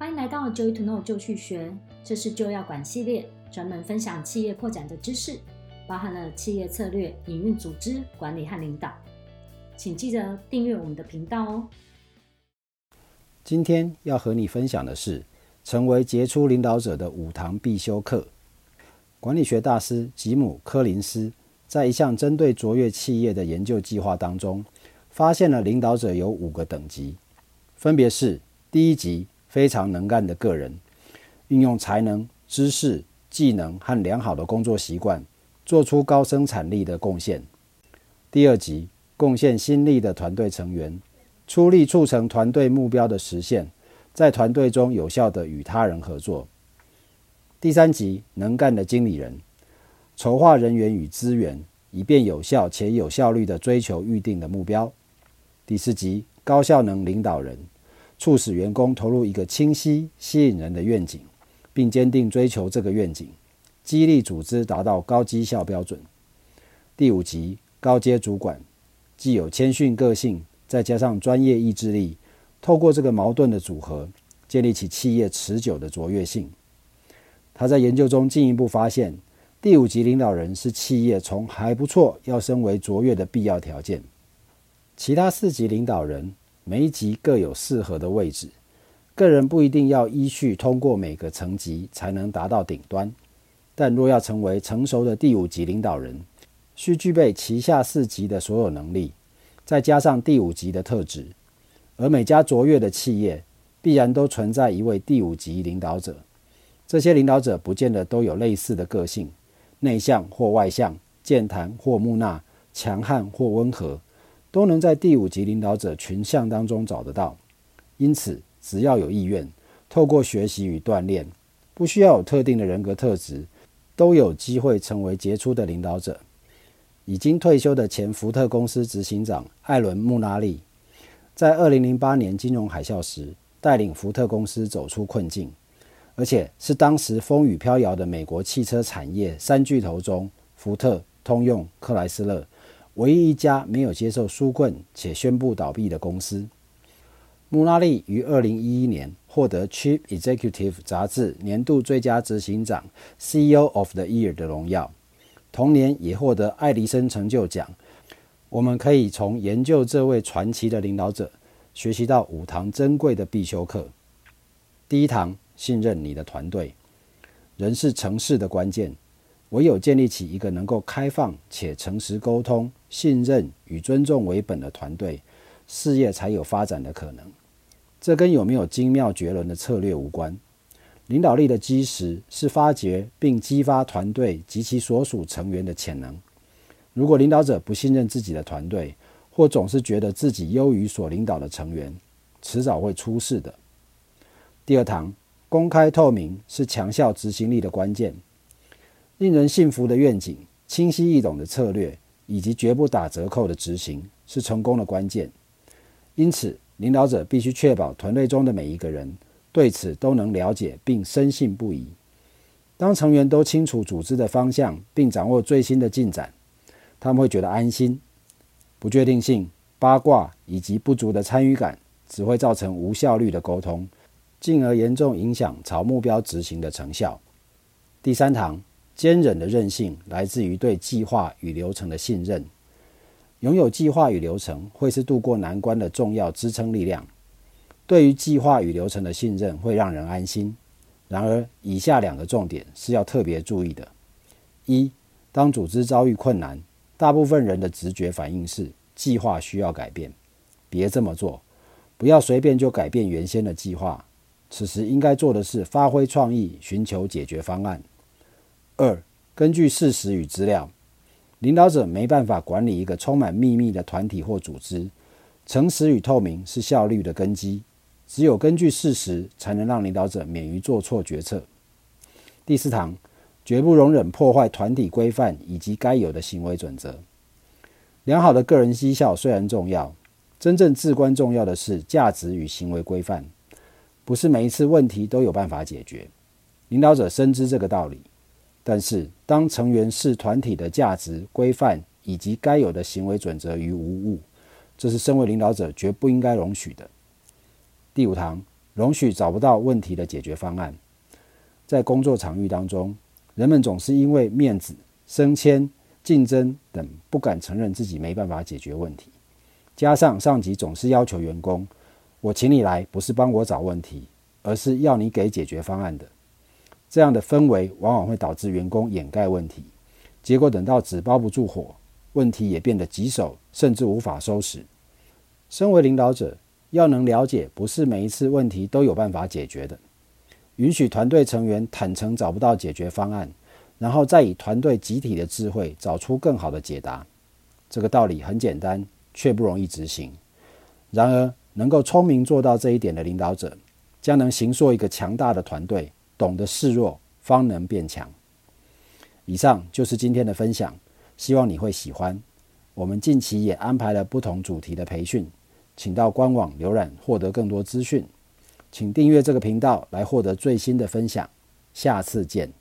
歡迎來到 Joy to Know 就去學，這是 Joy 要管系列，專門分享企業擴展的知識，包含了企業策略、營運、組織管理和領導。請記得訂閱我們的頻道哦。今天要和你分享的是成為傑出領導者的五堂必修課。管理學大師吉姆·柯林斯在一項針對卓越企業的研究計劃當中，發現了領導者有五個等級，分別是第一級。非常能幹的個人，運用才能、知識、技能和良好的工作習慣，做出高生產力的貢獻。第二級，貢獻心力的團隊成員，出力促成團隊目標的實現，在團隊中有效地與他人合作。第三級，能幹的經理人，籌劃人員與資源，以便有效且有效率地追求預定的目標。第四級，高效能領導人。促使員工投入一個清晰、吸引人的願景，並堅定追求這個願景，激勵組織達到高績效標準。第五級，高階主管，既有謙遜個性，再加上專業意志力，透過這個矛盾的組合，建立起企業持久的卓越性。他在研究中進一步發現，第五級領導人是企業從還不錯躍升為卓越的必要條件。其他四級領導人。每一級各有適合的位置，個人不一定要依序通過每個層級才能達到頂端。但若要成為成熟的第五級領導人，需具備其下四級的所有能力，再加上第五級的特質。而每家卓越的企業，必然都存在一位第五級領導者。這些領導者不見得都有類似的個性，內向或外向，健談或木訥，強悍或溫和。都能在第五級領導者群像當中找得到，因此只要有意願，透過學習與鍛鍊，不需要有特定的人格特質，都有機會成為傑出的領導者。已經退休的前福特公司執行長艾倫·穆拉利，在2008年金融海嘯時，帶領福特公司走出困境，而且是當時風雨飄搖的美國汽車產業三巨頭中，福特、通用、克萊斯勒。唯一一家沒有接受紓困且宣布倒閉的公司。穆拉利於二零一一年獲得《Chief Executive》雜誌年度最佳執行長 （CEO of the Year） 的榮耀，同年也獲得愛迪生成就獎。我們可以從研究這位傳奇的領導者，學習到五堂珍貴的必修課。第一堂：信任你的團隊。人是成事的關鍵，唯有建立起一個能夠開放且誠實溝通。信任與尊重為本的團隊，事業才有發展的可能。這跟有沒有精妙絕倫的策略無關。領導力的基石是發掘並激發團隊及其所屬成員的潛能。如果領導者不信任自己的團隊，或總是覺得自己優於所領導的成員，遲早會出事的。第二堂，公開透明是強效執行力的關鍵。令人信服的願景，清晰易懂的策略。以及絕不打折扣的執行是成功的關鍵。因此，領導者必須確保團隊中的每一個人對此都能了解並深信不疑。當成員都清楚組織的方向並掌握最新的進展，他們會覺得安心。不確定性、八卦以及不足的參與感，只會造成無效率的溝通，進而嚴重影響朝目標執行的成效。第三堂。堅忍的韌性來自於對計劃與流程的信任。擁有計劃與流程會是渡過難關的重要支撐力量。對於計劃與流程的信任會讓人安心。然而，以下兩個重點是要特別注意的：一，當組織遭遇困難，大部分人的直覺反應是計劃需要改變。別這麼做，不要隨便就改變原先的計劃。此時應該做的是發揮創意，尋求解決方案。二，根據事實與資料，領導者沒辦法管理一個充滿祕密的團體或組織。誠實與透明是效率的根基。只有根據事實，才能讓領導者免於做錯決策。第四堂，絕不容忍破壞團體規範以及該有的行為準則。良好的個人績效雖然重要，真正至關重要的是價值與行為規範。不是每一次問題都有辦法解決，領導者深知這個道理。但是，當成員視團體的價值規範以及該有的行為準則於無物，這是身為領導者絕不應該容許的。第五堂，容許找不到問題的解決方案。在工作場域當中，人們總是因為面子、升遷、競爭等不敢承認自己沒辦法解決問題。加上上級總是要求員工：“我請你來，不是幫我找問題，而是要你給解決方案的。”這樣的氛圍往往會導致員工掩蓋問題，結果等到紙包不住火，問題也變得棘手，甚至無法收拾。身為領導者，要能了解，不是每一次問題都有辦法解決的。允許團隊成員坦承找不到解決方案，然後再以團隊集體的智慧找出更好的解答。這個道理很簡單，卻不容易執行。然而，能夠聰明做到這一點的領導者，將能形塑一個強大的團隊。懂得示弱，方能變強。以上就是今天的分享，希望你會喜歡。我們近期也安排了不同主題的培訓，請到官網瀏覽獲得更多資訊。請訂閱這個頻道來獲得最新的分享，下次見。